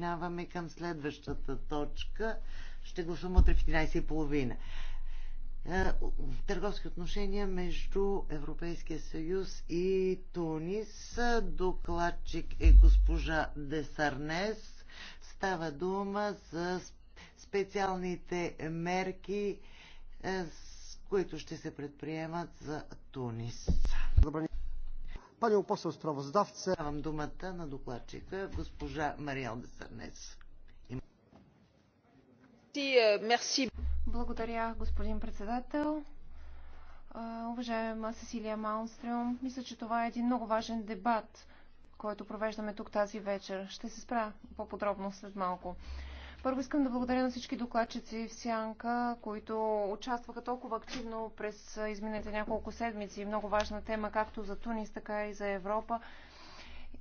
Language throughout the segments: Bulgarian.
преминаваме към следващата точка. Ще гласувам утре в 11.30. Е, търговски отношения между Европейския съюз и Тунис. Докладчик е госпожа Десарнес. Става дума за специалните мерки, е, които ще се предприемат за Тунис. Пане опосъл справоздавце. Давам думата на докладчика госпожа Мариел Десърнец. Е, Благодаря, господин председател. Уважаема Сесилия Маунстрюм, мисля, че това е един много важен дебат, който провеждаме тук тази вечер. Ще се спра по-подробно след малко. Първо искам да благодаря на всички докладчици в Сянка, които участваха толкова активно през изминалите няколко седмици. Много важна тема както за Тунис, така и за Европа.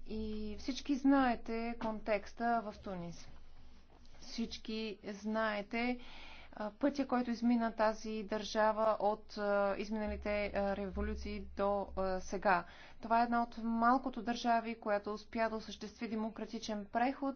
И всички знаете контекста в Тунис. Всички знаете пътя, който измина тази държава от изминалите революции до сега. Това е една от малкото държави, която успя да осъществи демократичен преход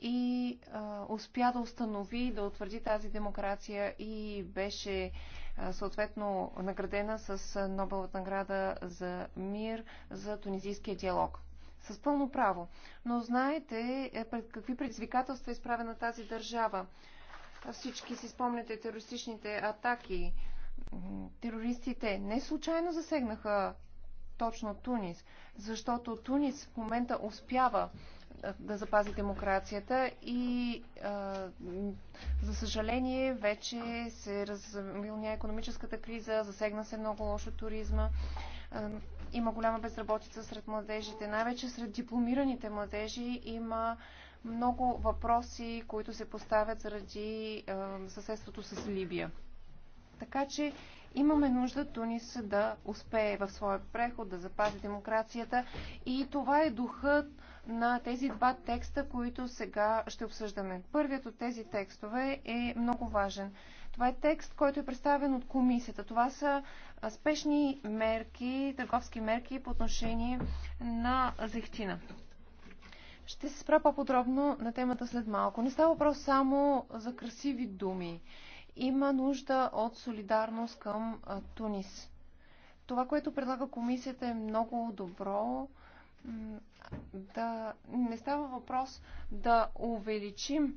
и а, успя да установи, да утвърди тази демокрация и беше а, съответно наградена с нобелата награда за мир за тунизийския диалог. С пълно право. Но знаете е, пред какви предизвикателства е изправена тази държава. Всички си спомняте терористичните атаки. Терористите не случайно засегнаха точно Тунис, защото Тунис в момента успява да запази демокрацията и а, за съжаление вече се развилня економическата криза, засегна се много лошо туризма. А, има голяма безработица сред младежите, най-вече сред дипломираните младежи има много въпроси, които се поставят заради а, съседството с Либия. Така че имаме нужда Тунис да успее в своя преход, да запази демокрацията и това е духът на тези два текста, които сега ще обсъждаме. Първият от тези текстове е много важен. Това е текст, който е представен от комисията. Това са спешни мерки, търговски мерки по отношение на зехтина. Ще се спра по-подробно на темата след малко. Не става въпрос само за красиви думи. Има нужда от солидарност към Тунис. Това, което предлага комисията е много добро да не става въпрос да увеличим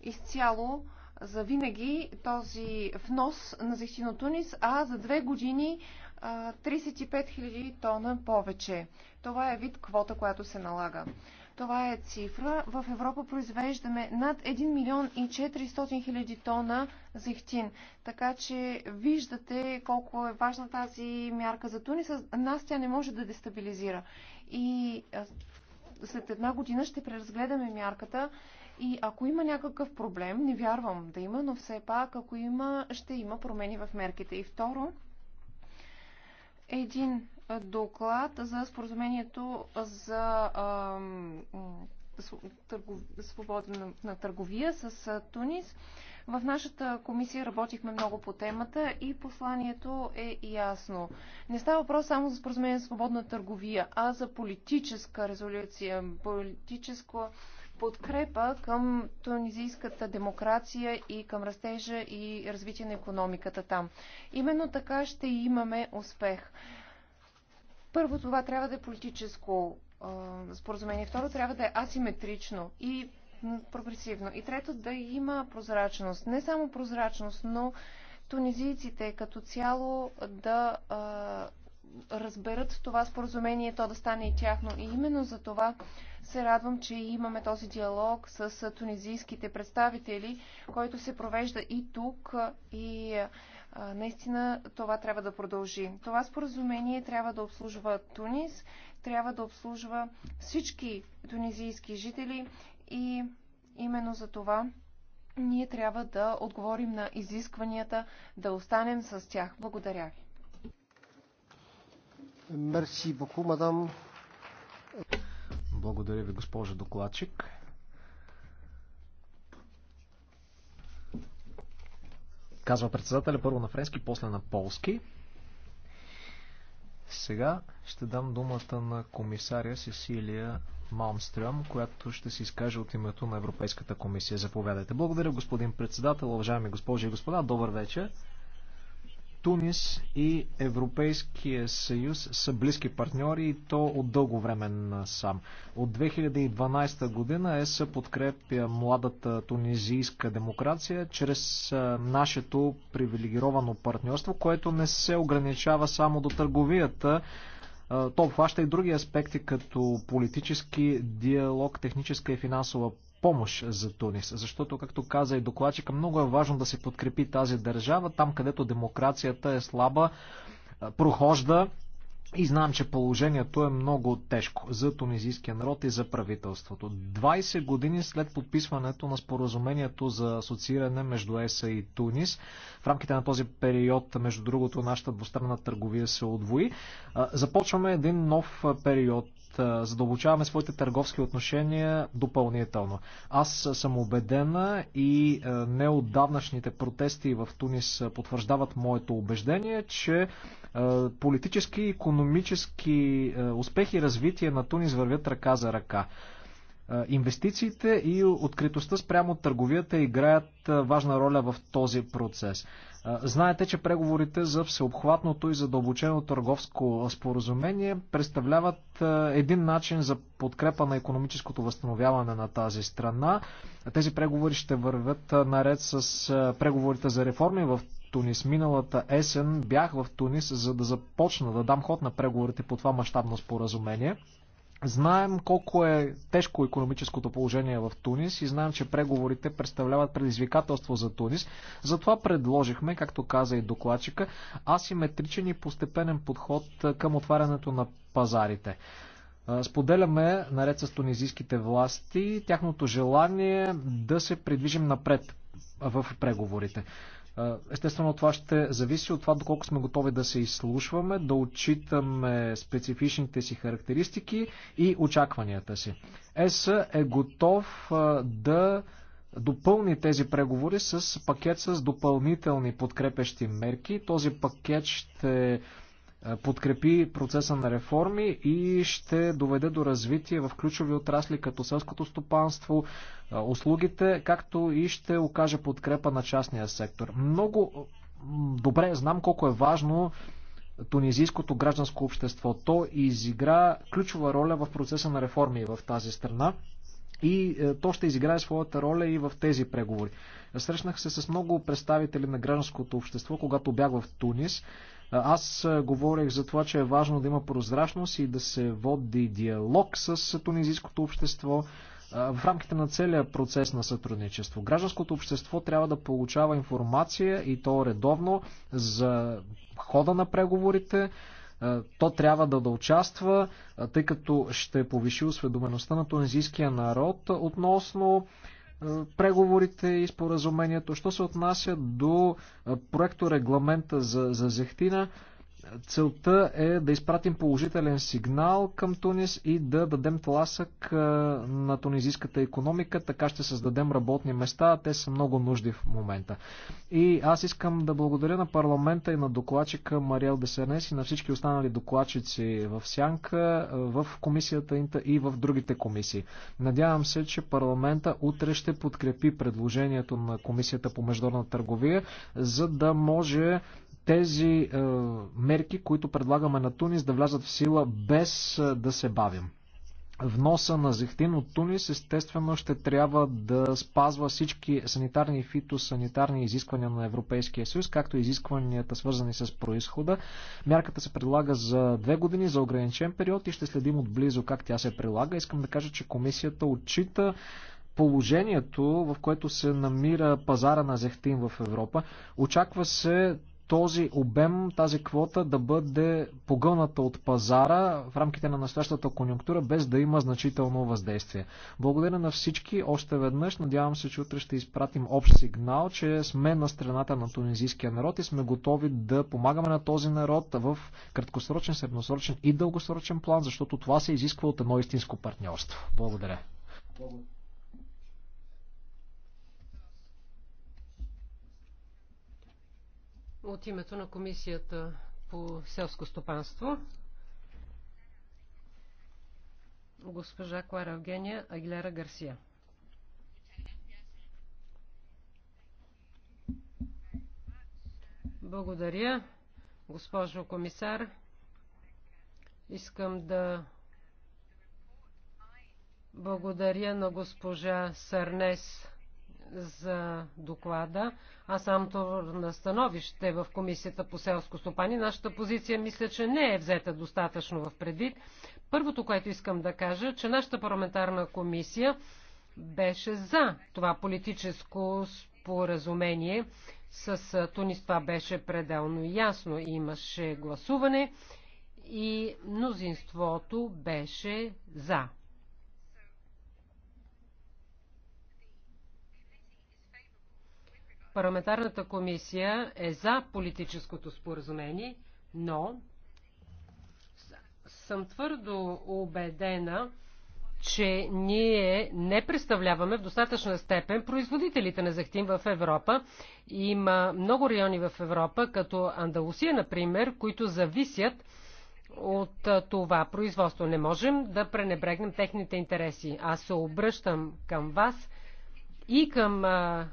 изцяло за винаги този внос на тунис, а за две години 35 000 тона повече. Това е вид квота, която се налага. Това е цифра. В Европа произвеждаме над 1 милион и 400 хиляди тона зехтин. Така че виждате колко е важна тази мярка за Тунис. Нас тя не може да дестабилизира. И след една година ще преразгледаме мярката и ако има някакъв проблем, не вярвам да има, но все пак, ако има, ще има промени в мерките. И второ, един доклад за споразумението за свободна на търговия с Тунис. В нашата комисия работихме много по темата и посланието е ясно. Не става въпрос само за споразумение за свободна търговия, а за политическа резолюция, политическа подкрепа към тунизийската демокрация и към растежа и развитие на економиката там. Именно така ще имаме успех. Първо, това трябва да е политическо споразумение. Второ, трябва да е асиметрично и прогресивно. И трето, да има прозрачност. Не само прозрачност, но тунизийците като цяло да а, разберат това споразумение, то да стане и тяхно. И именно за това се радвам, че имаме този диалог с тунизийските представители, който се провежда и тук, и Наистина това трябва да продължи. Това споразумение трябва да обслужва Тунис, трябва да обслужва всички тунизийски жители и именно за това ние трябва да отговорим на изискванията, да останем с тях. Благодаря ви. Мерси мадам. Благодаря ви, госпожа докладчик. казва председателя първо на френски, после на полски. Сега ще дам думата на комисаря Сесилия Малмстрем, която ще се изкаже от името на Европейската комисия. Заповядайте. Благодаря, господин председател, уважаеми госпожи и господа. Добър вечер. Тунис и Европейския съюз са близки партньори и то от дълго време насам. От 2012 година ЕС подкрепя младата тунизийска демокрация чрез нашето привилегировано партньорство, което не се ограничава само до търговията, то обхваща и други аспекти, като политически диалог, техническа и финансова помощ за Тунис. Защото, както каза и докладчика, много е важно да се подкрепи тази държава, там където демокрацията е слаба, прохожда и знам, че положението е много тежко за тунизийския народ и за правителството. 20 години след подписването на споразумението за асоцииране между ЕСА и Тунис, в рамките на този период, между другото, нашата двустранна търговия се отвои, започваме един нов период задълбочаваме своите търговски отношения допълнително. Аз съм убедена и неотдавнашните протести в Тунис потвърждават моето убеждение, че политически и економически успехи и развитие на Тунис вървят ръка за ръка. Инвестициите и откритостта спрямо търговията играят важна роля в този процес. Знаете, че преговорите за всеобхватното и задълбочено търговско споразумение представляват един начин за подкрепа на економическото възстановяване на тази страна. Тези преговори ще вървят наред с преговорите за реформи в Тунис. Миналата есен бях в Тунис, за да започна да дам ход на преговорите по това мащабно споразумение. Знаем колко е тежко економическото положение в Тунис и знаем, че преговорите представляват предизвикателство за Тунис. Затова предложихме, както каза и докладчика, асиметричен и постепенен подход към отварянето на пазарите. Споделяме, наред с тунизийските власти, тяхното желание да се придвижим напред в преговорите. Естествено, това ще зависи от това доколко сме готови да се изслушваме, да отчитаме специфичните си характеристики и очакванията си. ЕС е готов да допълни тези преговори с пакет с допълнителни подкрепещи мерки. Този пакет ще е, подкрепи процеса на реформи и ще доведе до развитие в ключови отрасли като селското стопанство, е, услугите, както и ще окаже подкрепа на частния сектор. Много е, добре знам колко е важно тунизийското гражданско общество. То изигра ключова роля в процеса на реформи в тази страна и то ще изиграе своята роля и в тези преговори. Срещнах се с много представители на гражданското общество, когато бях в Тунис. Аз говорех за това, че е важно да има прозрачност и да се води диалог с тунизийското общество в рамките на целия процес на сътрудничество. Гражданското общество трябва да получава информация и то редовно за хода на преговорите. То трябва да, да участва, тъй като ще повиши осведомеността на тунизийския народ относно е, преговорите и споразумението. Що се отнася до е, проекто регламента за, за зехтина, Целта е да изпратим положителен сигнал към Тунис и да дадем тласък на тунизийската економика, така ще създадем работни места, а те са много нужди в момента. И аз искам да благодаря на парламента и на докладчика Мариел Десернес и на всички останали докладчици в Сянка, в комисията Инта и в другите комисии. Надявам се, че парламента утре ще подкрепи предложението на комисията по международна търговия, за да може тези е, мерки, които предлагаме на Тунис, да влязат в сила без е, да се бавим. Вноса на зехтин от Тунис естествено ще трябва да спазва всички санитарни и фитосанитарни изисквания на Европейския съюз, както и изискванията свързани с происхода. Мярката се предлага за две години за ограничен период и ще следим отблизо как тя се прилага. Искам да кажа, че комисията отчита положението, в което се намира пазара на зехтин в Европа. Очаква се този обем, тази квота да бъде погълната от пазара в рамките на настоящата конюнктура, без да има значително въздействие. Благодаря на всички още веднъж. Надявам се, че утре ще изпратим общ сигнал, че сме на страната на тунизийския народ и сме готови да помагаме на този народ в краткосрочен, средносрочен и дългосрочен план, защото това се изисква от едно истинско партньорство. Благодаря. Благодаря. От името на Комисията по селско стопанство госпожа Клара Евгения Агилера Гарсия. Благодаря, госпожо комисар. Искам да благодаря на госпожа Сърнес за доклада. Аз самото на становище в Комисията по селско стопани. Нашата позиция мисля, че не е взета достатъчно в предвид. Първото, което искам да кажа, че нашата парламентарна комисия беше за това политическо споразумение с Тунис. Това беше пределно ясно. Имаше гласуване и мнозинството беше за. Парламентарната комисия е за политическото споразумение, но съм твърдо убедена, че ние не представляваме в достатъчна степен производителите на захтин в Европа. Има много райони в Европа, като Андалусия, например, които зависят от това производство. Не можем да пренебрегнем техните интереси. Аз се обръщам към вас – и към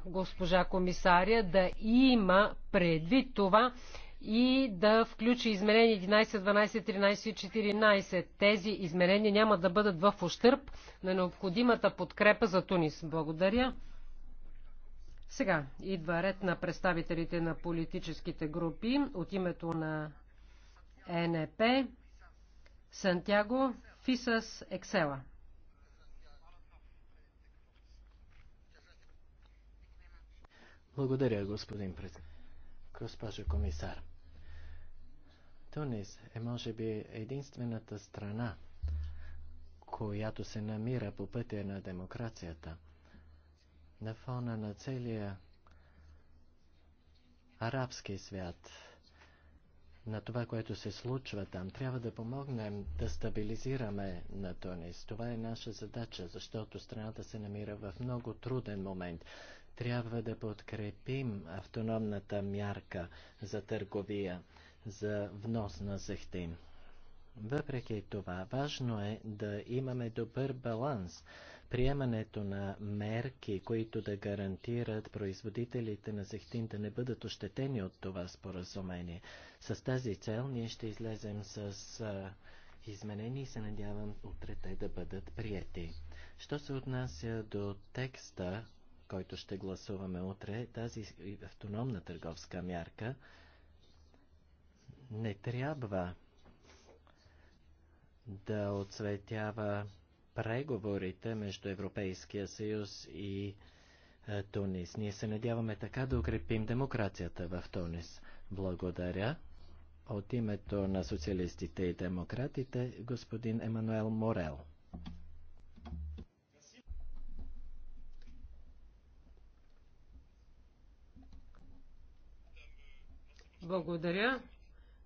госпожа комисаря да има предвид това и да включи изменения 11, 12, 13 и 14. Тези изменения няма да бъдат в ущърп на необходимата подкрепа за Тунис. Благодаря. Сега идва ред на представителите на политическите групи от името на ЕНП Сантьяго Фисас Ексела. Благодаря, господин председател. Госпожо комисар, Тунис е може би единствената страна, която се намира по пътя на демокрацията. На фона на целия арабски свят, на това, което се случва там, трябва да помогнем да стабилизираме на Тунис. Това е наша задача, защото страната се намира в много труден момент. Трябва да подкрепим автономната мярка за търговия, за внос на зехтин. Въпреки това, важно е да имаме добър баланс. Приемането на мерки, които да гарантират производителите на зехтин да не бъдат ощетени от това споразумение. С тази цел ние ще излезем с а, изменения и се надявам утре те да бъдат приети. Що се отнася до текста който ще гласуваме утре, е тази автономна търговска мярка не трябва да отсветява преговорите между Европейския съюз и е, Тунис. Ние се надяваме така да укрепим демокрацията в Тунис. Благодаря. От името на социалистите и демократите, господин Емануел Морел. Благодаря,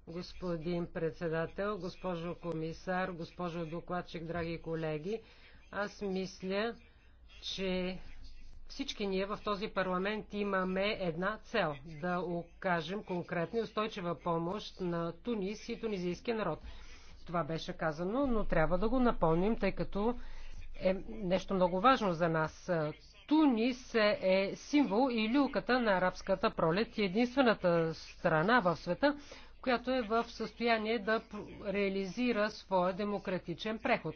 господин председател, госпожо комисар, госпожо докладчик, драги колеги. Аз мисля, че всички ние в този парламент имаме една цел – да окажем конкретна и устойчива помощ на Тунис и тунизийския народ. Това беше казано, но трябва да го напомним, тъй като е нещо много важно за нас. Тунис е символ и люлката на арабската пролет и единствената страна в света, която е в състояние да реализира своя демократичен преход.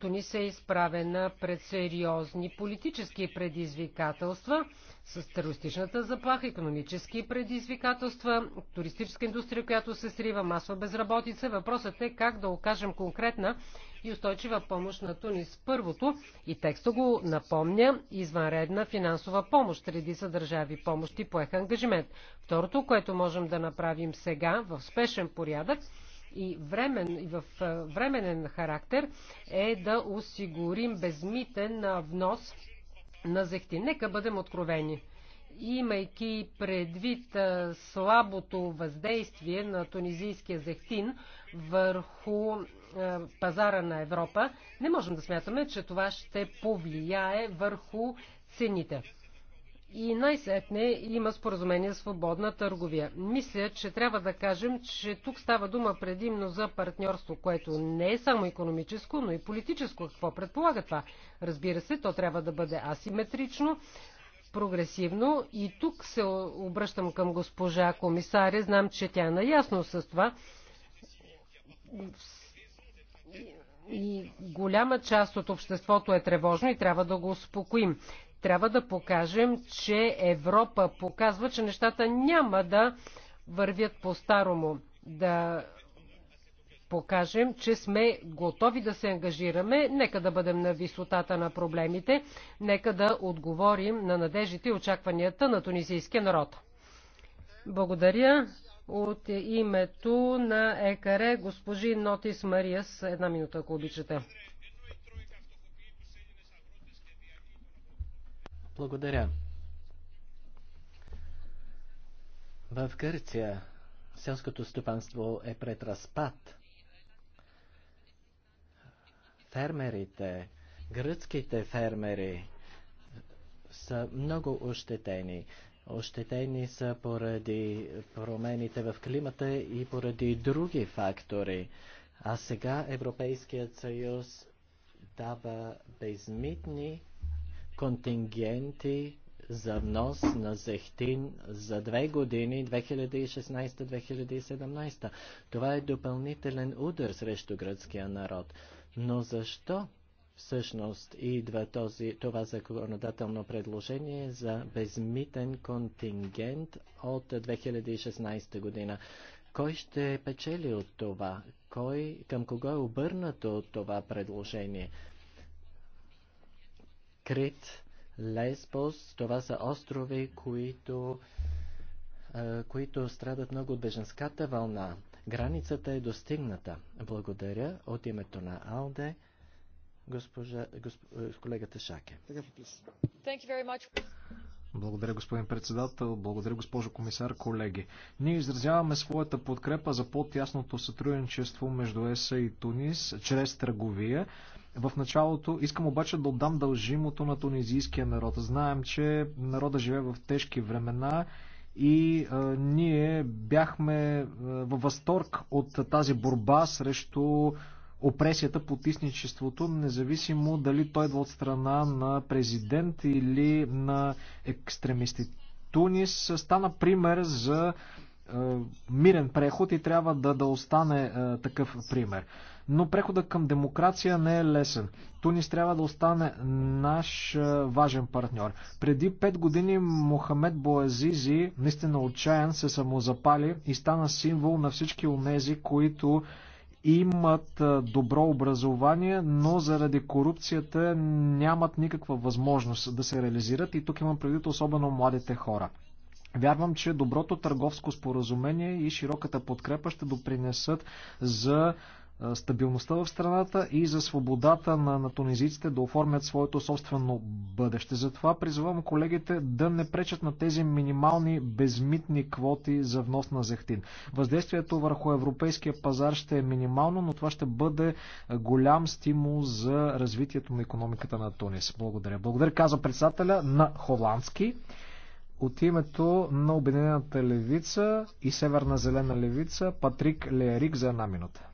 Тунис е изправена пред сериозни политически предизвикателства с терористичната заплаха, економически предизвикателства, туристическа индустрия, която се срива, масова безработица. Въпросът е как да окажем конкретна и устойчива помощ на Тунис. Първото, и текста го напомня, извънредна финансова помощ. среди са държави помощи поеха ангажимент. Второто, което можем да направим сега в спешен порядък, и, времен, и в временен характер е да осигурим безмитен внос на зехтин. Нека бъдем откровени. Имайки предвид слабото въздействие на тунизийския зехтин върху пазара на Европа, не можем да смятаме, че това ще повлияе върху цените. И най-сетне има споразумение свободна търговия. Мисля, че трябва да кажем, че тук става дума предимно за партньорство, което не е само економическо, но и политическо. Какво предполага това? Разбира се, то трябва да бъде асиметрично, прогресивно. И тук се обръщам към госпожа комисаря. Знам, че тя е наясно с това. И голяма част от обществото е тревожно и трябва да го успокоим. Трябва да покажем, че Европа показва, че нещата няма да вървят по-старому. Да покажем, че сме готови да се ангажираме, нека да бъдем на висотата на проблемите, нека да отговорим на надеждите и очакванията на тунисийския народ. Благодаря. От името на ЕКАРЕ госпожи Нотис Мария с една минута, ако обичате. Благодаря. В Гърция селското стопанство е пред разпад. Фермерите, гръцките фермери са много ощетени. Ощетени са поради промените в климата и поради други фактори. А сега Европейският съюз дава безмитни контингенти за внос на зехтин за две години 2016-2017. Това е допълнителен удар срещу гръцкия народ. Но защо всъщност идва този, това законодателно предложение за безмитен контингент от 2016 година? Кой ще печели от това? Кой, към кого е обърнато от това предложение? Крит, Лесбос. Това са острови, които, които страдат много от беженската вълна. Границата е достигната. Благодаря от името на Алде госпожа, госп... колегата Шаке. Благодаря, господин председател. Благодаря, госпожо комисар, колеги. Ние изразяваме своята подкрепа за по-тясното сътрудничество между ЕСА и Тунис чрез търговия в началото. Искам обаче да отдам дължимото на тунизийския народ. Знаем, че народа живее в тежки времена и а, ние бяхме а, във възторг от а, тази борба срещу опресията, потисничеството, независимо дали той идва от страна на президент или на екстремисти. Тунис стана пример за е, мирен преход и трябва да, да остане а, е, такъв пример. Но прехода към демокрация не е лесен. Тунис трябва да остане наш а, е, важен партньор. Преди 5 години Мохамед Боазизи, наистина отчаян, се самозапали и стана символ на всички онези, които имат добро образование, но заради корупцията нямат никаква възможност да се реализират и тук имам предвид особено младите хора. Вярвам, че доброто търговско споразумение и широката подкрепа ще допринесат за стабилността в страната и за свободата на, на тунизиците да оформят своето собствено бъдеще. Затова призвам колегите да не пречат на тези минимални безмитни квоти за внос на зехтин. Въздействието върху европейския пазар ще е минимално, но това ще бъде голям стимул за развитието на економиката на Тунис. Благодаря. Благодаря, каза председателя на холандски. От името на Обединената левица и Северна зелена левица Патрик Леерик за една минута.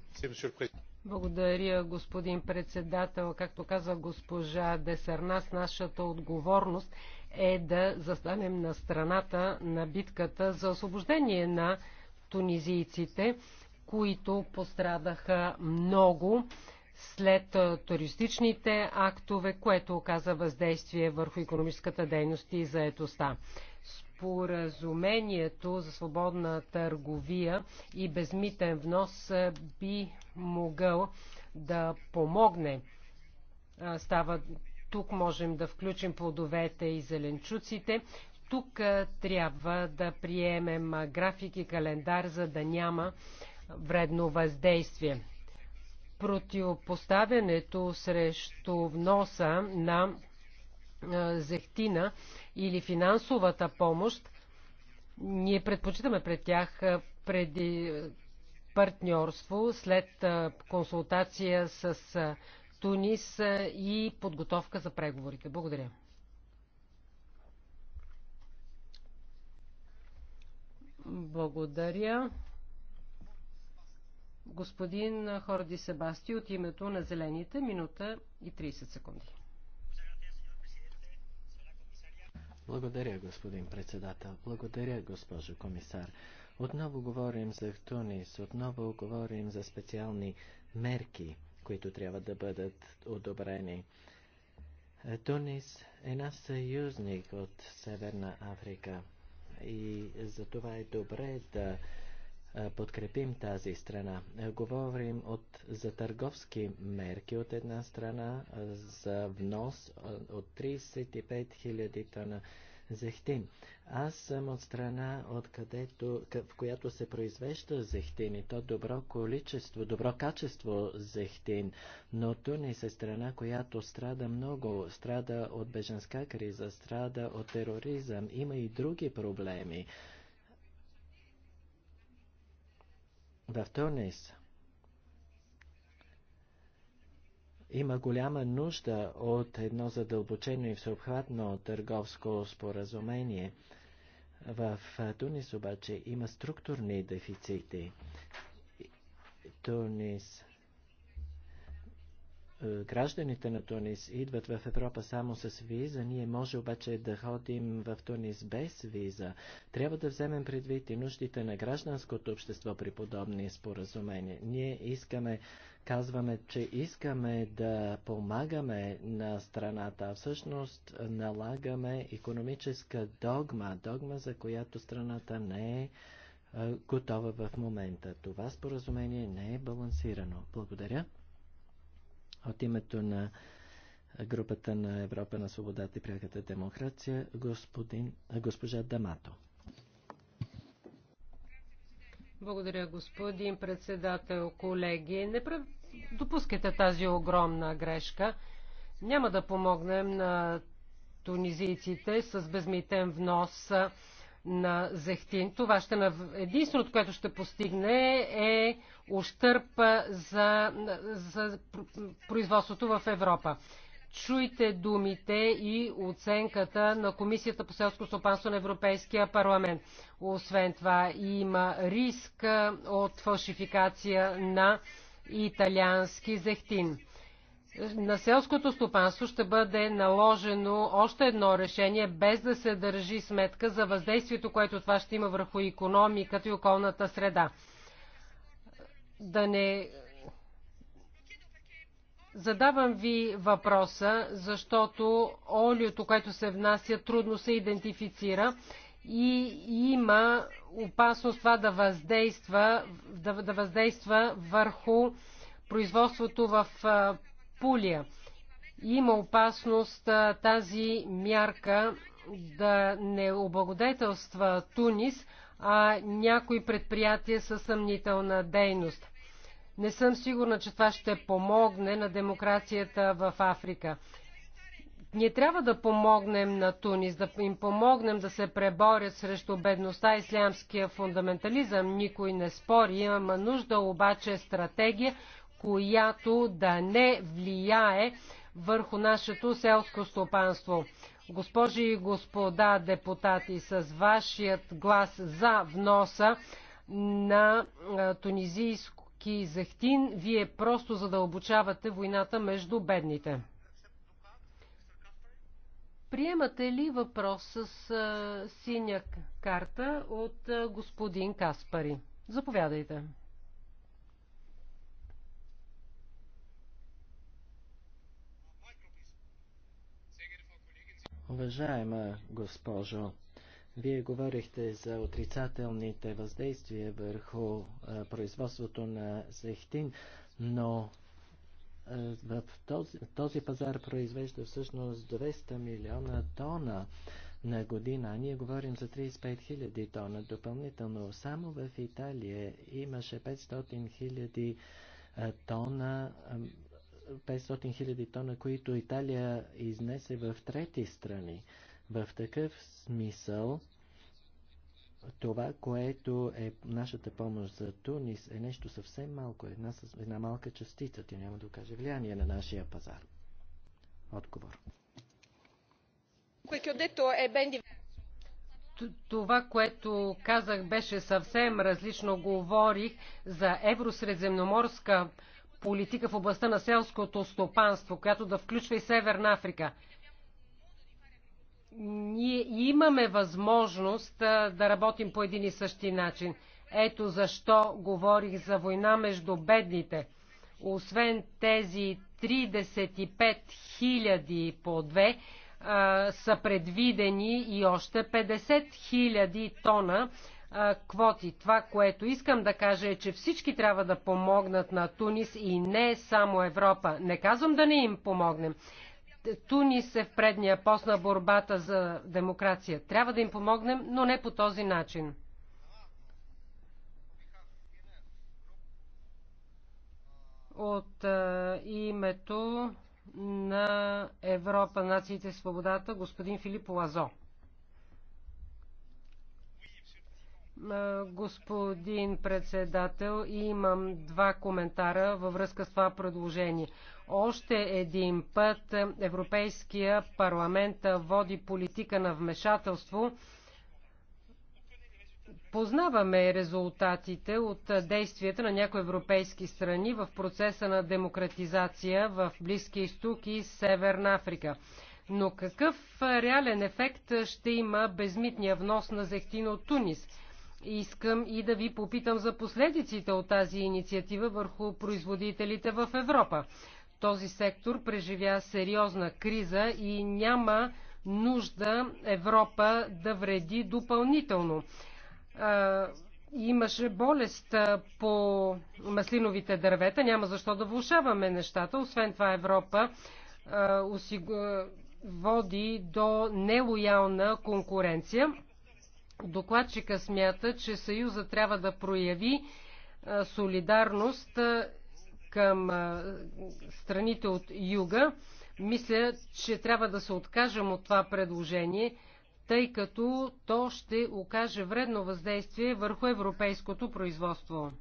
Благодаря, господин председател. Както каза госпожа Десернас, нашата отговорност е да застанем на страната на битката за освобождение на тунизийците, които пострадаха много след туристичните актове, което оказа въздействие върху економическата дейност и заетостта споразумението за свободна търговия и безмитен внос би могъл да помогне. Става, тук можем да включим плодовете и зеленчуците. Тук трябва да приемем график и календар, за да няма вредно въздействие. Противопоставянето срещу вноса на зехтина или финансовата помощ, ние предпочитаме пред тях преди партньорство след консултация с Тунис и подготовка за преговорите. Благодаря. Благодаря. Господин Хорди Себасти от името на Зелените, минута и 30 секунди. Благодаря, господин председател. Благодаря, госпожо комисар. Отново говорим за Тунис, отново говорим за специални мерки, които трябва да бъдат одобрени. Тунис е наш съюзник от Северна Африка и за това е добре да подкрепим тази страна. Е, говорим от, за търговски мерки от една страна, за внос от 35 000 тона зехтин. Аз съм от страна, от където, в която се произвежда зехтин и то добро количество, добро качество зехтин, но Тунис е страна, която страда много, страда от беженска криза, страда от тероризъм, има и други проблеми. в Тунис има голяма нужда от едно задълбочено и всеобхватно търговско споразумение. В Тунис обаче има структурни дефицити. Тунис е, гражданите на Тунис идват в Европа само с виза, ние може обаче да ходим в Тунис без виза. Трябва да вземем предвид и нуждите на гражданското общество при подобни споразумения. Ние искаме, казваме, че искаме да помагаме на страната, а всъщност налагаме економическа догма, догма за която страната не е, е готова в момента. Това споразумение не е балансирано. Благодаря. От името на групата на Европа на свободата и пряката демокрация, господин, госпожа Дамато. Благодаря, господин председател, колеги. Не пр... допускайте тази огромна грешка. Няма да помогнем на тунизийците с безмитен внос на зехтин. Това ще нав... единственото, което ще постигне е ущърп за, за производството в Европа. Чуйте думите и оценката на Комисията по селско стопанство на Европейския парламент. Освен това има риск от фалшификация на италиански зехтин на селското стопанство ще бъде наложено още едно решение, без да се държи сметка за въздействието, което това ще има върху економиката и околната среда. Да не Задавам ви въпроса, защото олиото, което се внася, трудно се идентифицира и има опасност това да въздейства, да, да въздейства върху производството в Пулия. Има опасност тази мярка да не облагодетелства Тунис, а някои предприятия със съмнителна дейност. Не съм сигурна, че това ще помогне на демокрацията в Африка. Ние трябва да помогнем на Тунис, да им помогнем да се преборят срещу бедността и ислямския фундаментализъм. Никой не спори. Имаме нужда обаче стратегия, която да не влияе върху нашето селско стопанство. Госпожи и господа депутати, с вашият глас за вноса на тунизийски захтин, вие просто задълбочавате войната между бедните. Приемате ли въпрос с синя карта от господин Каспари? Заповядайте. Уважаема госпожо, вие говорихте за отрицателните въздействия върху а, производството на зехтин, но а, в този, този пазар произвежда всъщност 200 милиона тона на година, а ние говорим за 35 хиляди тона допълнително. Само в Италия имаше 500 хиляди тона 500 хиляди тона, които Италия изнесе в трети страни. В такъв смисъл, това, което е нашата помощ за Тунис, е нещо съвсем малко, една, една малка частица. Ти няма да окаже влияние на нашия пазар. Отговор. Е това, което казах, беше съвсем различно. Говорих за евросредземноморска политика в областта на селското стопанство, която да включва и Северна Африка. Ние имаме възможност да работим по един и същи начин. Ето защо говорих за война между бедните. Освен тези 35 000 по две, са предвидени и още 50 000 тона а, квоти. Това, което искам да кажа е, че всички трябва да помогнат на Тунис и не само Европа. Не казвам да не им помогнем. Тунис е в предния пост на борбата за демокрация. Трябва да им помогнем, но не по този начин. От а, името на Европа, нациите и свободата, господин Филип Лазо. господин председател. Имам два коментара във връзка с това предложение. Още един път Европейския парламент води политика на вмешателство. Познаваме резултатите от действията на някои европейски страни в процеса на демократизация в Близки изток и Северна Африка. Но какъв реален ефект ще има безмитния внос на зехтина от Тунис? Искам и да ви попитам за последиците от тази инициатива върху производителите в Европа. Този сектор преживя сериозна криза и няма нужда Европа да вреди допълнително. А, имаше болест по маслиновите дървета, няма защо да влушаваме нещата. Освен това Европа а, осигу... води до нелоялна конкуренция Докладчика смята, че Съюза трябва да прояви солидарност към страните от юга. Мисля, че трябва да се откажем от това предложение, тъй като то ще окаже вредно въздействие върху европейското производство.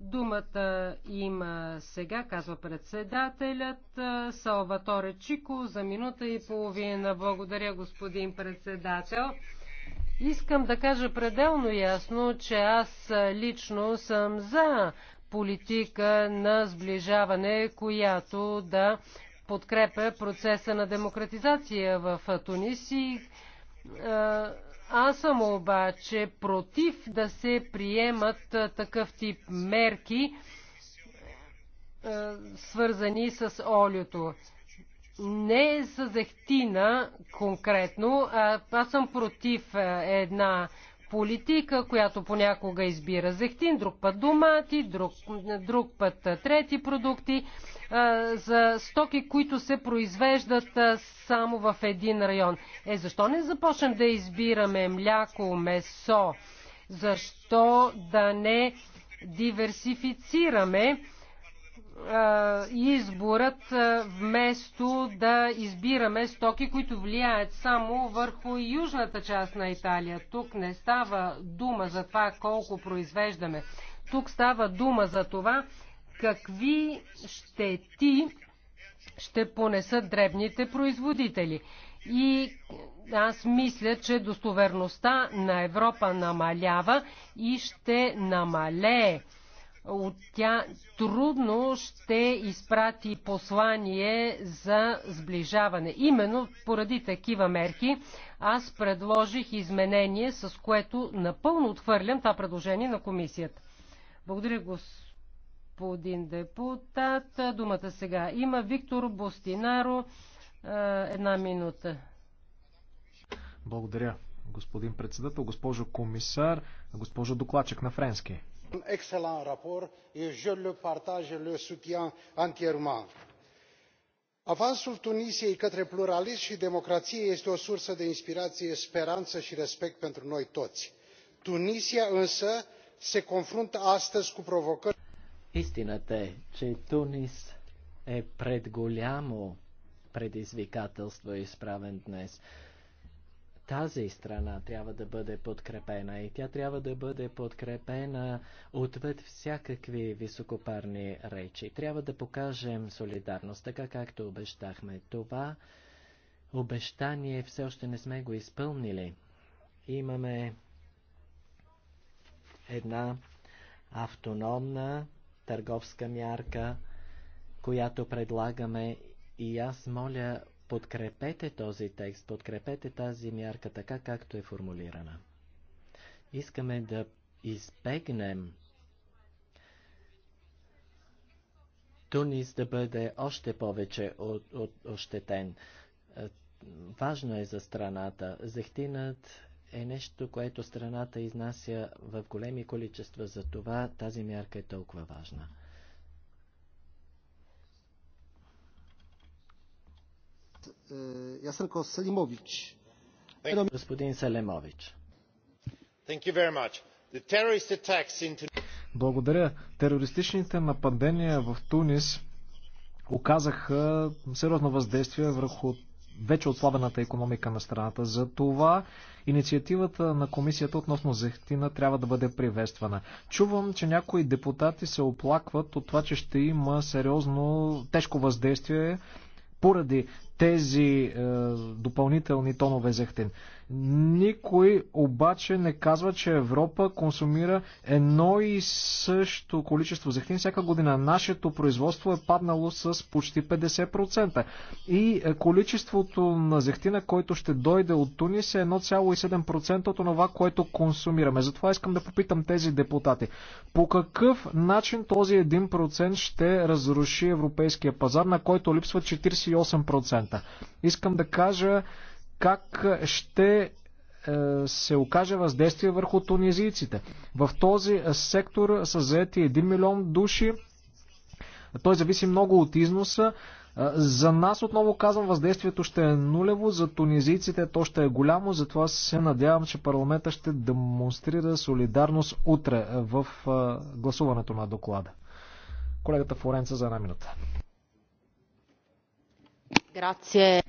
Думата има сега, казва председателят Салваторе Чико за минута и половина. Благодаря, господин председател. Искам да кажа пределно ясно, че аз лично съм за политика на сближаване, която да подкрепя процеса на демократизация в Тунис и аз съм обаче против да се приемат такъв тип мерки, свързани с олиото. Не с зехтина конкретно, аз съм против една политика, която понякога избира зехтин, друг път домати, друг, друг път трети продукти, за стоки, които се произвеждат само в един район. Е, защо не започнем да избираме мляко, месо? Защо да не диверсифицираме? изборът вместо да избираме стоки, които влияят само върху южната част на Италия. Тук не става дума за това колко произвеждаме. Тук става дума за това какви щети ще понесат дребните производители. И аз мисля, че достоверността на Европа намалява и ще намалее от тя трудно ще изпрати послание за сближаване. Именно поради такива мерки аз предложих изменение, с което напълно отхвърлям това предложение на комисията. Благодаря, господин депутат. Думата сега има Виктор Бостинаро. Е, една минута. Благодаря, господин председател, госпожо комисар, госпожо докладчик на френски un excellent rapport et je le partage et le soutiens entièrement. avansul tunisiei către pluralism și democrație este o sursă de inspirație speranță și respect pentru noi toți. tunisia însă se confruntă astăzi cu provocări. Истината е, че Тунис е пред голямо предизвикателство тази страна трябва да бъде подкрепена и тя трябва да бъде подкрепена отвъд всякакви високопарни речи. Трябва да покажем солидарност, така както обещахме. Това обещание все още не сме го изпълнили. Имаме една автономна търговска мярка, която предлагаме и аз моля подкрепете този текст, подкрепете тази мярка така, както е формулирана. Искаме да избегнем Тунис да бъде още повече от, от, ощетен. Е, важно е за страната. Зехтинът е нещо, което страната изнася в големи количества, за това тази мярка е толкова важна. Ясенко е, Господин Благодаря. Терористичните нападения в Тунис оказаха сериозно въздействие върху вече отслабената економика на страната. За това инициативата на комисията относно зехтина трябва да бъде приветствана. Чувам, че някои депутати се оплакват от това, че ще има сериозно тежко въздействие поради тези е, допълнителни тонове зехтин. Никой обаче не казва, че Европа консумира едно и също количество зехтин всяка година. Нашето производство е паднало с почти 50%. И е, количеството на зехтина, който ще дойде от Тунис е 1,7% от това, което консумираме. Затова искам да попитам тези депутати. По какъв начин този 1% ще разруши европейския пазар, на който липсват 48%? Искам да кажа как е, ще е, се окаже въздействие върху тунизийците. В този е, сектор са заети 1 милион души. Той зависи много от износа. За нас, отново казвам, въздействието ще е нулево, за тунизийците то ще е голямо, затова се надявам, че парламента ще демонстрира солидарност утре в гласуването на доклада. Колегата Форенца за една минута. Грация.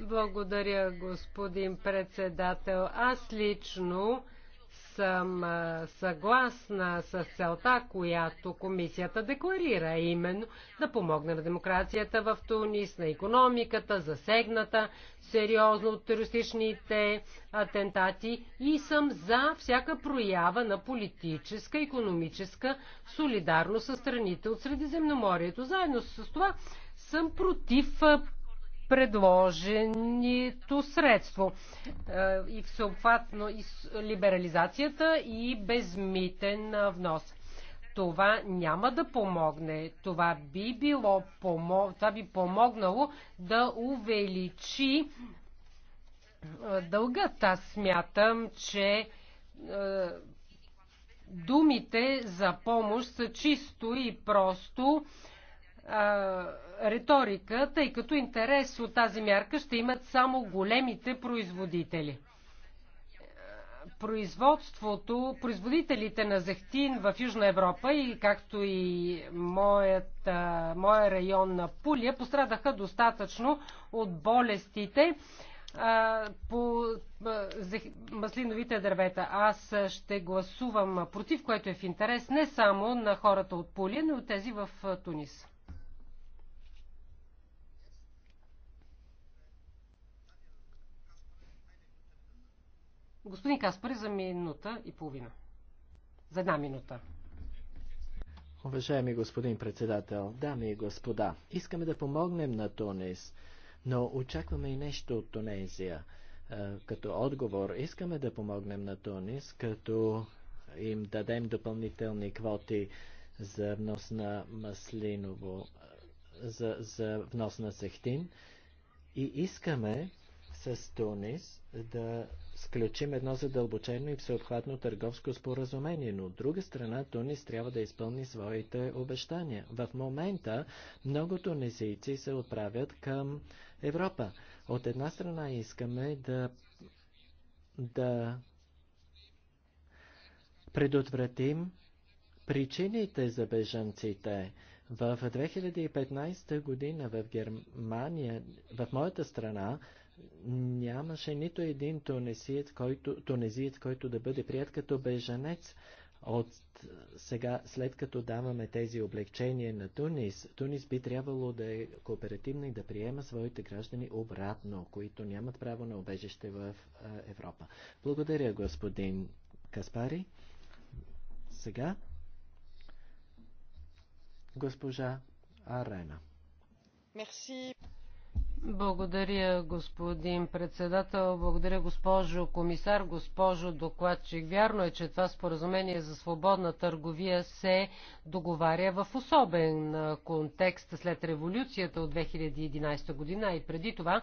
Благодаря, господин председател. Аз лично съм съгласна с целта, която комисията декларира, именно да помогне на демокрацията в Тунис, на економиката, засегната сериозно от терористичните атентати и съм за всяка проява на политическа, економическа солидарност с страните от Средиземноморието. Заедно с това съм против предложеното средство е, и всеобхватно и либерализацията и безмитен внос. Това няма да помогне. Това би, било, това би помогнало да увеличи е, дългът. Аз смятам, че е, думите за помощ са чисто и просто а, риторика, тъй като интерес от тази мярка ще имат само големите производители. Производството, производителите на зехтин в Южна Европа и както и моят, а, моя район на Пулия пострадаха достатъчно от болестите а, по а, зех... маслиновите дървета. Аз ще гласувам против, което е в интерес не само на хората от Пулия, но и от тези в Тунис. Господин Каспари за минута и половина. За една минута. Уважаеми господин председател, дами и господа, искаме да помогнем на Тунис, но очакваме и нещо от Тунезия. Е, като отговор искаме да помогнем на Тунис, като им дадем допълнителни квоти за внос на маслиново, за, за внос на сехтин и искаме с Тунис да сключим едно задълбочено и всеобхватно търговско споразумение, но от друга страна Тунис трябва да изпълни своите обещания. В момента много тунисийци се отправят към Европа. От една страна искаме да, да предотвратим причините за бежанците. В 2015 година в Германия, в моята страна, нямаше нито един тунезиец, който, тунезиец, който да бъде прият като бежанец от сега, след като даваме тези облегчения на Тунис, Тунис би трябвало да е кооперативна и да приема своите граждани обратно, които нямат право на обежище в Европа. Благодаря, господин Каспари. Сега госпожа Арена. Мерси. Благодаря, господин председател. Благодаря, госпожо комисар, госпожо докладчик. Вярно е, че това споразумение за свободна търговия се договаря в особен контекст след революцията от 2011 година и преди това.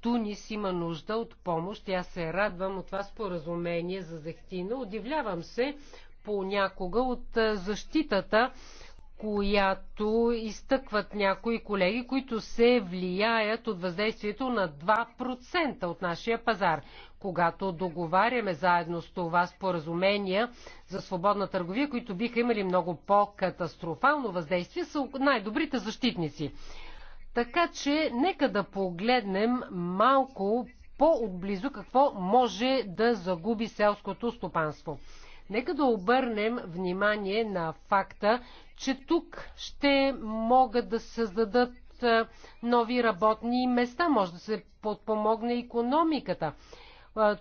Тунис има нужда от помощ аз се радвам от това споразумение за зехтина. Удивлявам се понякога от защитата която изтъкват някои колеги, които се влияят от въздействието на 2% от нашия пазар. Когато договаряме заедно с това споразумения за свободна търговия, които биха имали много по-катастрофално въздействие, са най-добрите защитници. Така че нека да погледнем малко по-отблизо какво може да загуби селското стопанство. Нека да обърнем внимание на факта, че тук ще могат да се създадат нови работни места, може да се подпомогне економиката.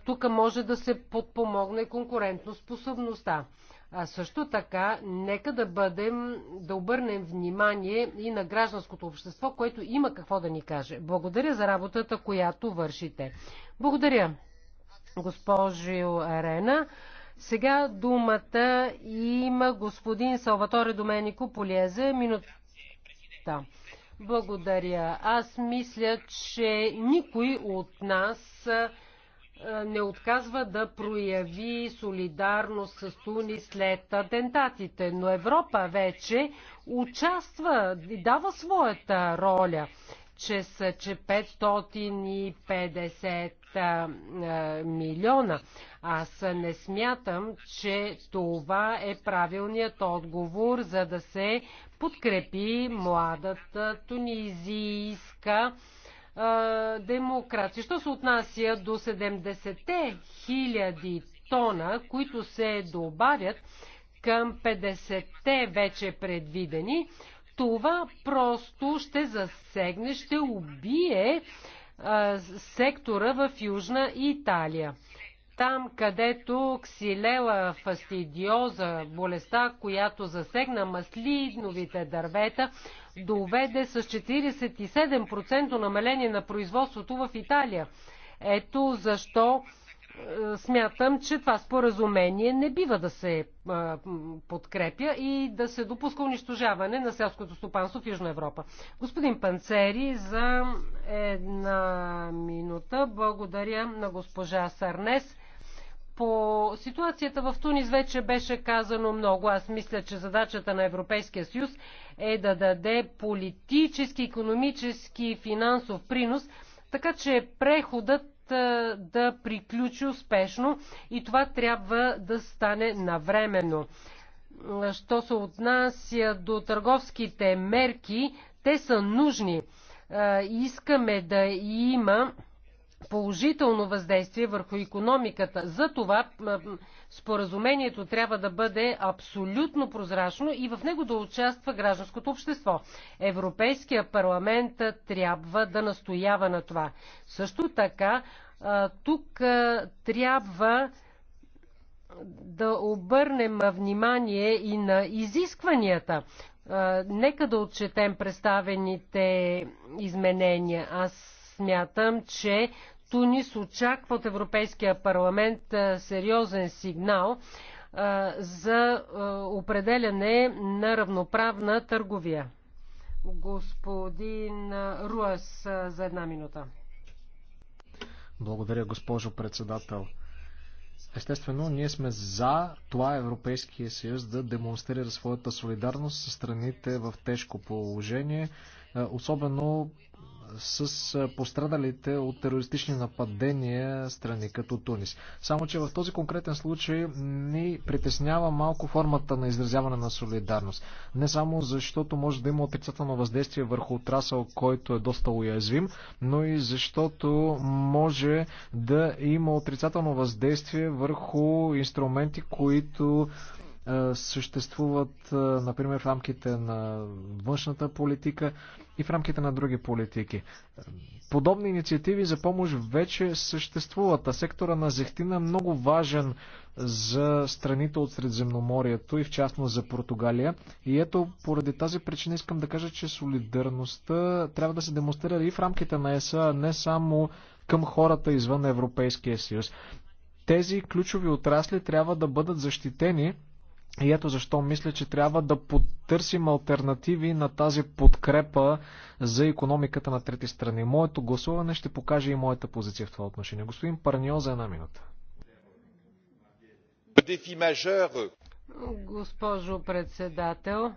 Тук може да се подпомогне конкурентоспособността. А също така, нека да бъдем, да обърнем внимание и на гражданското общество, което има какво да ни каже. Благодаря за работата, която вършите. Благодаря, госпожо Арена. Сега думата има господин Салваторе Доменико Полезе. Минут... Да. Благодаря. Аз мисля, че никой от нас не отказва да прояви солидарност с Туни след атентатите, но Европа вече участва и дава своята роля чрез 550 300 е, милиона. Аз не смятам, че това е правилният отговор, за да се подкрепи младата тунизийска е, демокрация. Що се отнася до 70-те хиляди тона, които се добавят към 50-те вече предвидени, това просто ще засегне, ще убие е, сектора в Южна Италия. Там, където ксилела фастидиоза, болестта, която засегна маслиновите дървета, доведе с 47% намаление на производството в Италия. Ето защо смятам, че това споразумение не бива да се подкрепя и да се допуска унищожаване на селското стопанство в Южна Европа. Господин Панцери, за една минута благодаря на госпожа Сарнес. По ситуацията в Тунис вече беше казано много. Аз мисля, че задачата на Европейския съюз е да даде политически, економически и финансов принос, така че преходът да приключи успешно и това трябва да стане навременно. Що се отнася до търговските мерки, те са нужни. Искаме да има положително въздействие върху економиката. За това споразумението трябва да бъде абсолютно прозрачно и в него да участва гражданското общество. Европейския парламент трябва да настоява на това. Също така, тук трябва да обърнем внимание и на изискванията. Нека да отчетем представените изменения. Аз Смятам, че Тунис очаква от Европейския парламент сериозен сигнал за определяне на равноправна търговия. Господин Руас за една минута. Благодаря, госпожо председател. Естествено, ние сме за това Европейския съюз да демонстрира своята солидарност с страните в тежко положение, особено с пострадалите от терористични нападения страни като Тунис. Само, че в този конкретен случай ни притеснява малко формата на изразяване на солидарност. Не само защото може да има отрицателно въздействие върху отрасъл, който е доста уязвим, но и защото може да има отрицателно въздействие върху инструменти, които съществуват, например, в рамките на външната политика и в рамките на други политики. Подобни инициативи за помощ вече съществуват, а сектора на зехтина е много важен за страните от Средземноморието и в частност за Португалия. И ето, поради тази причина искам да кажа, че солидарността трябва да се демонстрира и в рамките на ЕСА, не само към хората извън Европейския съюз. Тези ключови отрасли трябва да бъдат защитени и ето защо мисля, че трябва да потърсим альтернативи на тази подкрепа за економиката на трети страни. Моето гласуване ще покаже и моята позиция в това отношение. Господин Парнио за една минута. Госпожо председател,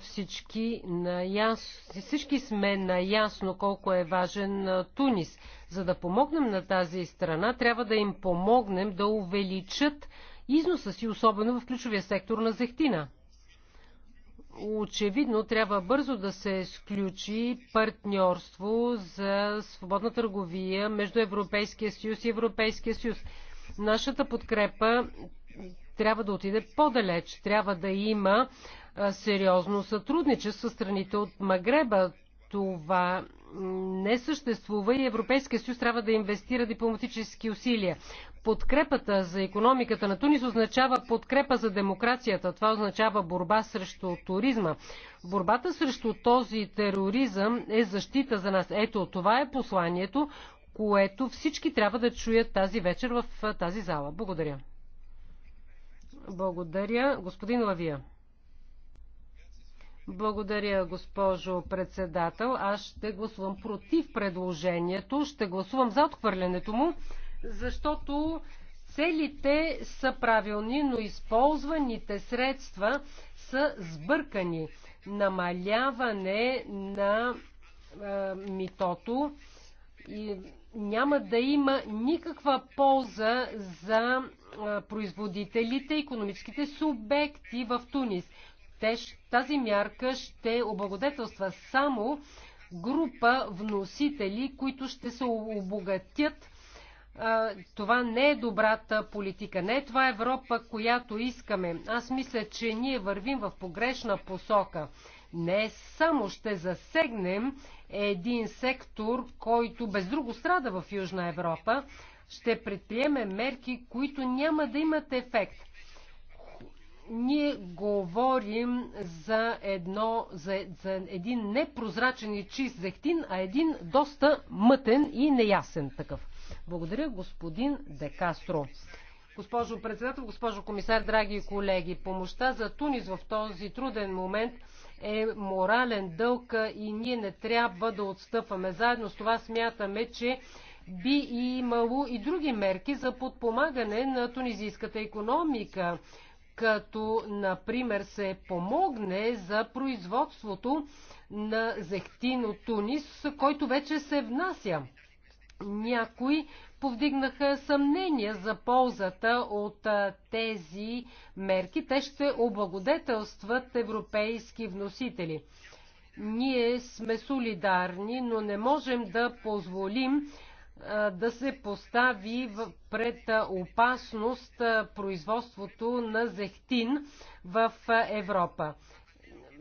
всички, наяс... всички сме наясно колко е важен Тунис. За да помогнем на тази страна, трябва да им помогнем да увеличат износа си, особено в ключовия сектор на зехтина. Очевидно трябва бързо да се сключи партньорство за свободна търговия между Европейския съюз и Европейския съюз. Нашата подкрепа трябва да отиде по-далеч. Трябва да има сериозно сътрудничество с страните от Магреба. Това не съществува и Европейския съюз трябва да инвестира дипломатически усилия. Подкрепата за економиката на Тунис означава подкрепа за демокрацията. Това означава борба срещу туризма. Борбата срещу този тероризъм е защита за нас. Ето, това е посланието, което всички трябва да чуят тази вечер в тази зала. Благодаря. Благодаря. Господин Лавия. Благодаря, госпожо председател. Аз ще гласувам против предложението, ще гласувам за отхвърлянето му, защото целите са правилни, но използваните средства са сбъркани. Намаляване на е, митото и няма да има никаква полза за е, производителите, економическите субекти в Тунис растеж, тази мярка ще облагодетелства само група вносители, които ще се обогатят. Това не е добрата политика. Не е това Европа, която искаме. Аз мисля, че ние вървим в погрешна посока. Не само ще засегнем един сектор, който без друго страда в Южна Европа, ще предприеме мерки, които няма да имат ефект – ние говорим за, едно, за, за един непрозрачен и чист зехтин, а един доста мътен и неясен такъв. Благодаря, господин Декастро. Госпожо председател, госпожо комисар, драги колеги, помощта за Тунис в този труден момент е морален дълг и ние не трябва да отстъпваме. Заедно с това смятаме, че би имало и други мерки за подпомагане на тунизийската економика като например се помогне за производството на зехтин от Тунис, който вече се внася. Някои повдигнаха съмнения за ползата от тези мерки. Те ще облагодетелстват европейски вносители. Ние сме солидарни, но не можем да позволим да се постави пред опасност производството на зехтин в Европа.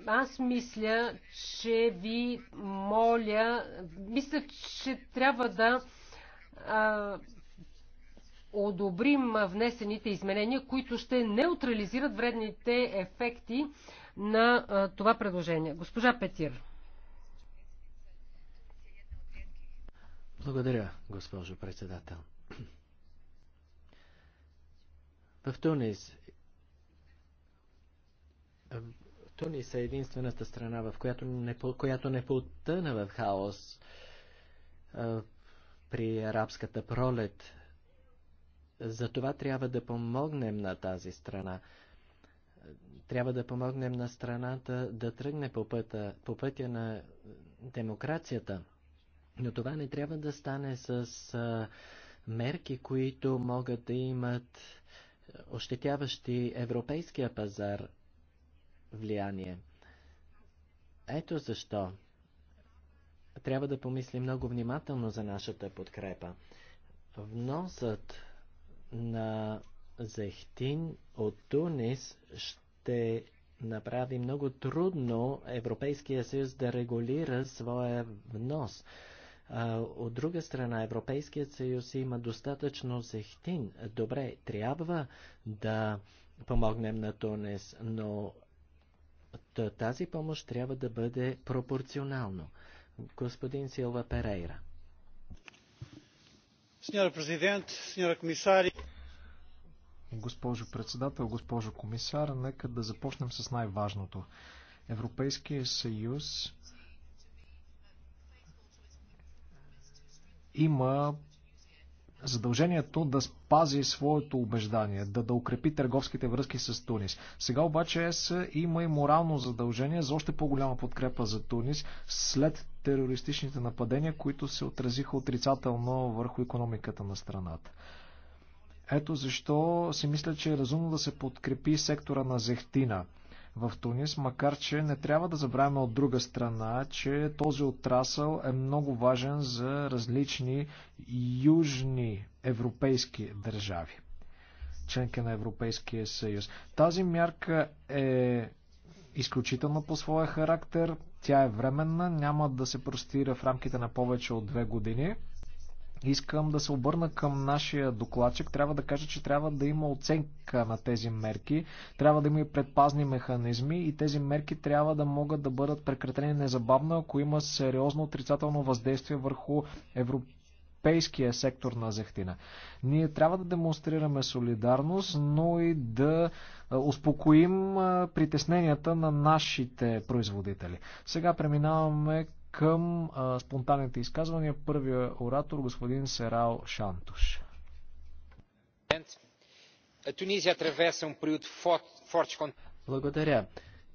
Аз мисля, че ви моля, мисля, че трябва да а, одобрим внесените изменения, които ще неутрализират вредните ефекти на а, това предложение. Госпожа Петир. Благодаря, госпожо председател. В Тунис Тунис е единствената страна, в която не, която не потъна в хаос при арабската пролет. Затова трябва да помогнем на тази страна. Трябва да помогнем на страната да тръгне по пъта, по пътя на демокрацията. Но това не трябва да стане с мерки, които могат да имат ощетяващи европейския пазар влияние. Ето защо трябва да помислим много внимателно за нашата подкрепа. Вносът на зехтин от Тунис ще направи много трудно Европейския съюз да регулира своя внос. От друга страна, Европейският съюз има достатъчно зехтин. Добре, трябва да помогнем на Тунес, но тази помощ трябва да бъде пропорционално. Господин Силва Перейра. Сеньор президент, сеньор комисари. Госпожо председател, госпожо комисар, нека да започнем с най-важното. Европейския съюз има задължението да спази своето убеждание, да, да укрепи търговските връзки с Тунис. Сега обаче ЕС има и морално задължение за още по-голяма подкрепа за Тунис след терористичните нападения, които се отразиха отрицателно върху економиката на страната. Ето защо си мисля, че е разумно да се подкрепи сектора на зехтина – в Тунис, макар че не трябва да забравяме от друга страна, че този отрасъл е много важен за различни южни европейски държави, членки на Европейския съюз. Тази мярка е изключително по своя характер, тя е временна, няма да се простира в рамките на повече от две години. Искам да се обърна към нашия докладчик. Трябва да кажа, че трябва да има оценка на тези мерки, трябва да има и предпазни механизми и тези мерки трябва да могат да бъдат прекратени незабавно, ако има сериозно отрицателно въздействие върху европейския сектор на зехтина. Ние трябва да демонстрираме солидарност, но и да успокоим притесненията на нашите производители. Сега преминаваме към а, спонтанните изказвания. Първия оратор, господин Серал Шантуш. Благодаря.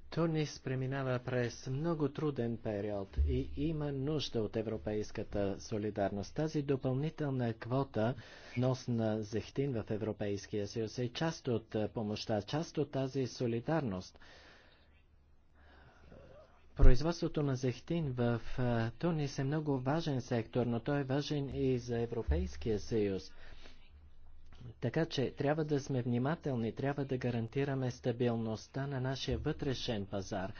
Тунис преминава през много труден период и има нужда от европейската солидарност. Тази допълнителна квота, нос на зехтин в Европейския съюз е част от помощта, част от тази солидарност. Производството на зехтин в Тунис е много важен сектор, но той е важен и за Европейския съюз. Така че трябва да сме внимателни, трябва да гарантираме стабилността на нашия вътрешен пазар,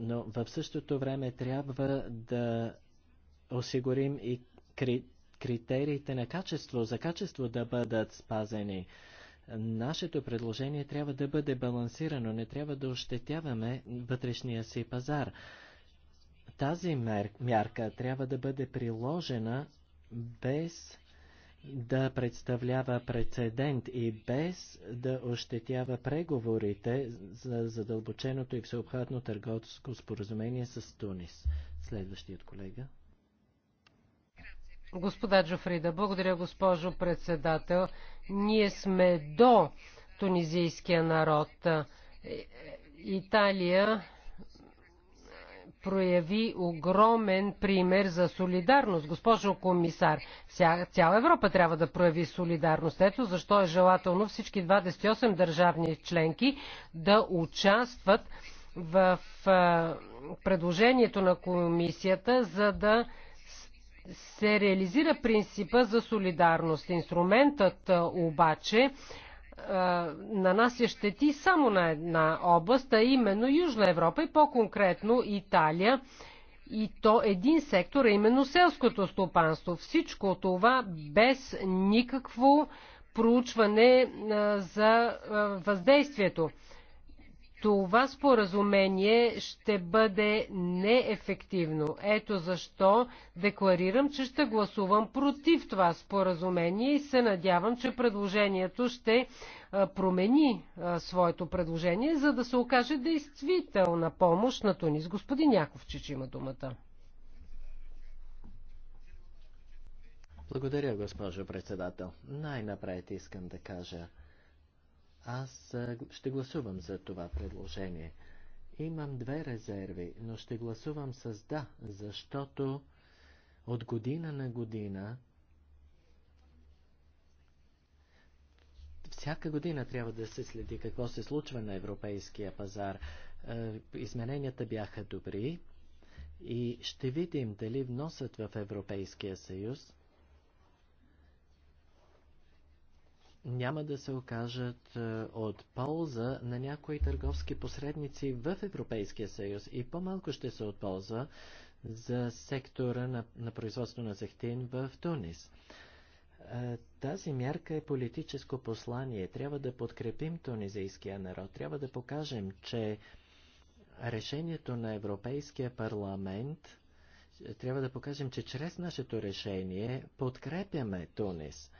но в същото време трябва да осигурим и критериите на качество, за качество да бъдат спазени. Нашето предложение трябва да бъде балансирано, не трябва да ощетяваме вътрешния си пазар. Тази мярка трябва да бъде приложена без да представлява прецедент и без да ощетява преговорите за задълбоченото и всеобхватно търговско споразумение с Тунис. Следващият колега. Господа Джофрида, благодаря госпожо председател. Ние сме до тунизийския народ. Е, е, Италия прояви огромен пример за солидарност. Госпожо комисар, цяла Европа трябва да прояви солидарност. Ето защо е желателно всички 28 държавни членки да участват в е, предложението на комисията, за да се реализира принципа за солидарност. Инструментът обаче нанася щети само на една област, а именно Южна Европа и по-конкретно Италия. И то един сектор, а именно селското стопанство. Всичко това без никакво проучване за въздействието това споразумение ще бъде неефективно. Ето защо декларирам, че ще гласувам против това споразумение и се надявам, че предложението ще промени своето предложение, за да се окаже действителна помощ на Тунис. Господин Яковчич има думата. Благодаря, госпожо председател. Най-напред искам да кажа, аз ще гласувам за това предложение. Имам две резерви, но ще гласувам с да, защото от година на година всяка година трябва да се следи какво се случва на европейския пазар. Измененията бяха добри и ще видим дали вносът в Европейския съюз няма да се окажат е, от полза на някои търговски посредници в Европейския съюз и по-малко ще се от полза за сектора на, на производство на зехтин в Тунис. Е, тази мярка е политическо послание. Трябва да подкрепим тунизийския народ. Трябва да покажем, че решението на Европейския парламент е, трябва да покажем, че чрез нашето решение подкрепяме Тунис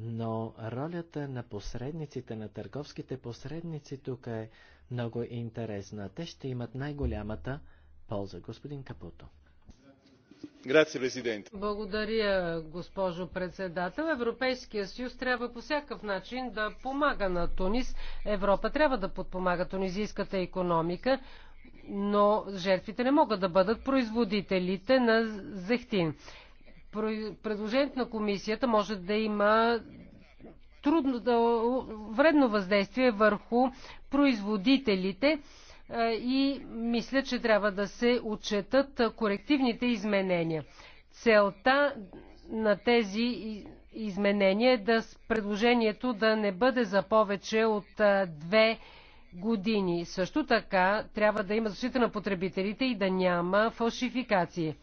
но ролята на посредниците, на търговските посредници тук е много интересна. Те ще имат най-голямата полза. Господин Капуто. Благодаря, госпожо председател. Европейския съюз трябва по всякакъв начин да помага на Тунис. Европа трябва да подпомага тунизийската економика, но жертвите не могат да бъдат производителите на зехтин предложението на комисията може да има трудно, да, вредно въздействие върху производителите е, и мисля, че трябва да се отчетат корективните изменения. Целта на тези изменения е да предложението да не бъде за повече от е, две години. Също така трябва да има защита на потребителите и да няма фалшификации.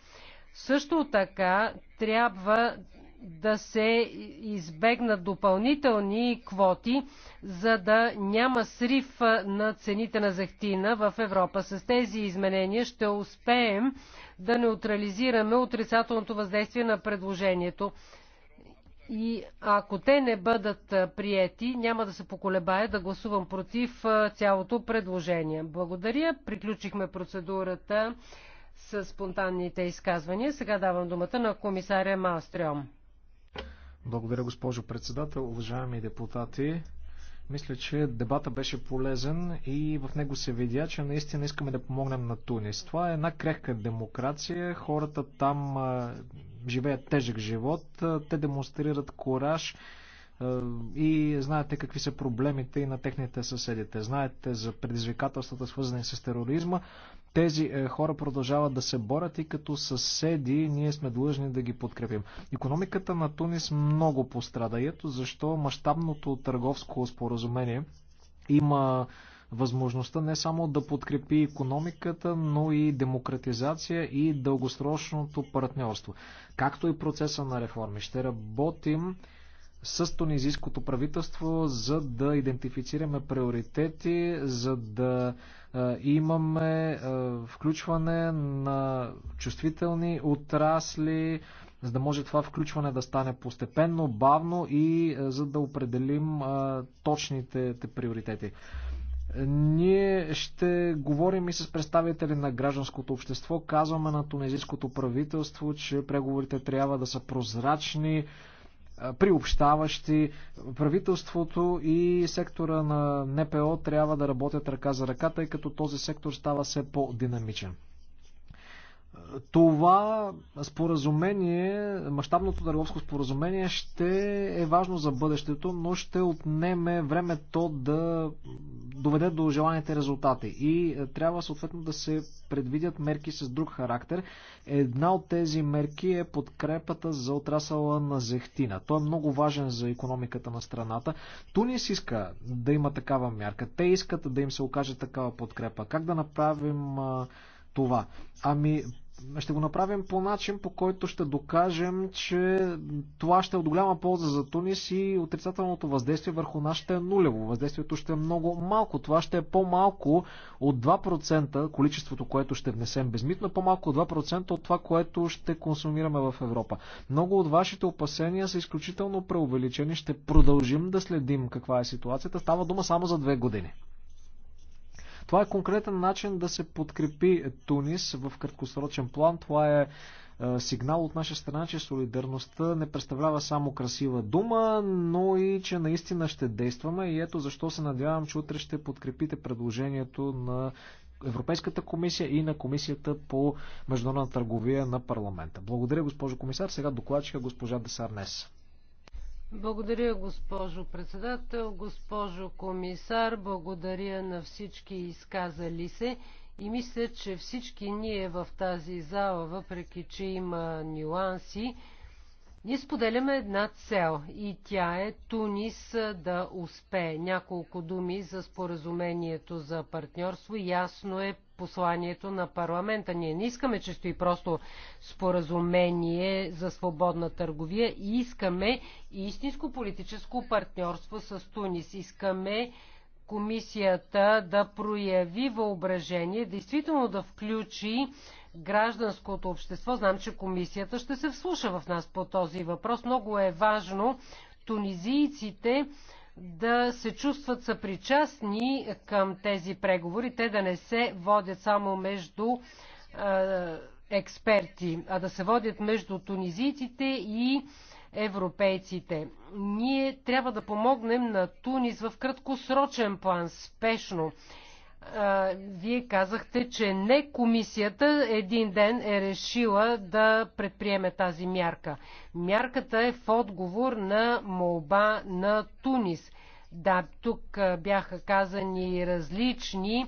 Също така трябва да се избегнат допълнителни квоти, за да няма срив на цените на зехтина в Европа. С тези изменения ще успеем да неутрализираме отрицателното въздействие на предложението. И ако те не бъдат приети, няма да се поколебая да гласувам против цялото предложение. Благодаря. Приключихме процедурата с спонтанните изказвания. Сега давам думата на комисаря Маустриом. Благодаря, госпожо председател, уважаеми депутати. Мисля, че дебата беше полезен и в него се видя, че наистина искаме да помогнем на Тунис. Това е една крехка демокрация, хората там живеят тежък живот, те демонстрират кораж и знаете какви са проблемите и на техните съседите. Знаете за предизвикателствата свързани с тероризма. Тези е, хора продължават да се борят и като съседи ние сме длъжни да ги подкрепим. Економиката на Тунис много пострада ето защо мащабното търговско споразумение има възможността не само да подкрепи економиката, но и демократизация и дългосрочното партньорство, както и процеса на реформи. Ще работим с тунизийското правителство, за да идентифицираме приоритети, за да имаме включване на чувствителни отрасли, за да може това включване да стане постепенно, бавно и за да определим точните те приоритети. Ние ще говорим и с представители на гражданското общество. Казваме на тунезийското правителство, че преговорите трябва да са прозрачни, приобщаващи. Правителството и сектора на НПО трябва да работят ръка за ръка, тъй като този сектор става все по-динамичен това споразумение, мащабното търговско споразумение ще е важно за бъдещето, но ще отнеме времето да доведе до желаните резултати. И е, трябва съответно да се предвидят мерки с друг характер. Една от тези мерки е подкрепата за отрасъла на зехтина. Той е много важен за економиката на страната. Тунис иска да има такава мярка. Те искат да им се окаже такава подкрепа. Как да направим това? Ами, ще го направим по начин, по който ще докажем, че това ще е от голяма полза за Тунис и отрицателното въздействие върху нас ще е нулево. Въздействието ще е много малко. Това ще е по-малко от 2% количеството, което ще внесем безмитно, по-малко от 2% от това, което ще консумираме в Европа. Много от вашите опасения са изключително преувеличени. Ще продължим да следим каква е ситуацията. Става дума само за две години. Това е конкретен начин да се подкрепи Тунис в краткосрочен план. Това е, е сигнал от наша страна, че солидарността не представлява само красива дума, но и че наистина ще действаме и ето защо се надявам, че утре ще подкрепите предложението на Европейската комисия и на комисията по международна търговия на парламента. Благодаря, госпожо комисар. Сега докладчика госпожа Десарнес. Благодаря, госпожо председател, госпожо комисар. Благодаря на всички изказали се. И мисля, че всички ние в тази зала, въпреки че има нюанси, ние споделяме една цел и тя е Тунис да успее. Няколко думи за споразумението за партньорство. Ясно е посланието на парламента. Ние не искаме често и просто споразумение за свободна търговия. и Искаме истинско политическо партньорство с Тунис. Искаме комисията да прояви въображение, действително да включи гражданското общество. Знам, че комисията ще се вслуша в нас по този въпрос. Много е важно тунизийците да се чувстват съпричастни към тези преговори, те да не се водят само между експерти, а да се водят между тунизийците и европейците. Ние трябва да помогнем на Тунис в краткосрочен план, спешно вие казахте, че не комисията един ден е решила да предприеме тази мярка. Мярката е в отговор на молба на Тунис. Да, тук бяха казани различни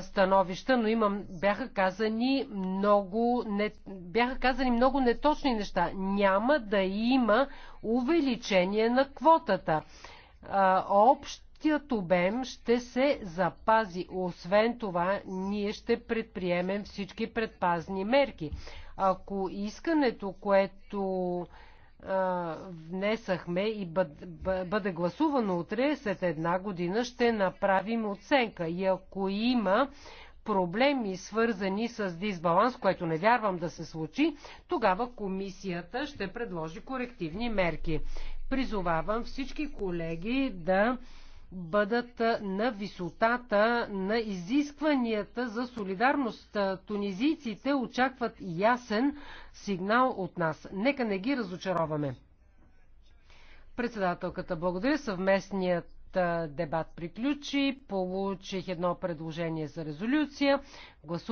становища, но имам, бяха казани много не, бяха казани много неточни неща. Няма да има увеличение на квотата. Общ Общият обем ще се запази. Освен това, ние ще предприемем всички предпазни мерки. Ако искането, което внесахме и бъде, бъде гласувано утре, след една година ще направим оценка. И ако има проблеми, свързани с дисбаланс, което не вярвам да се случи, тогава комисията ще предложи корективни мерки. Призовавам всички колеги да бъдат на висотата на изискванията за солидарност. Тунизийците очакват ясен сигнал от нас. Нека не ги разочароваме. Председателката, благодаря. Съвместният дебат приключи. Получих едно предложение за резолюция. Гласувам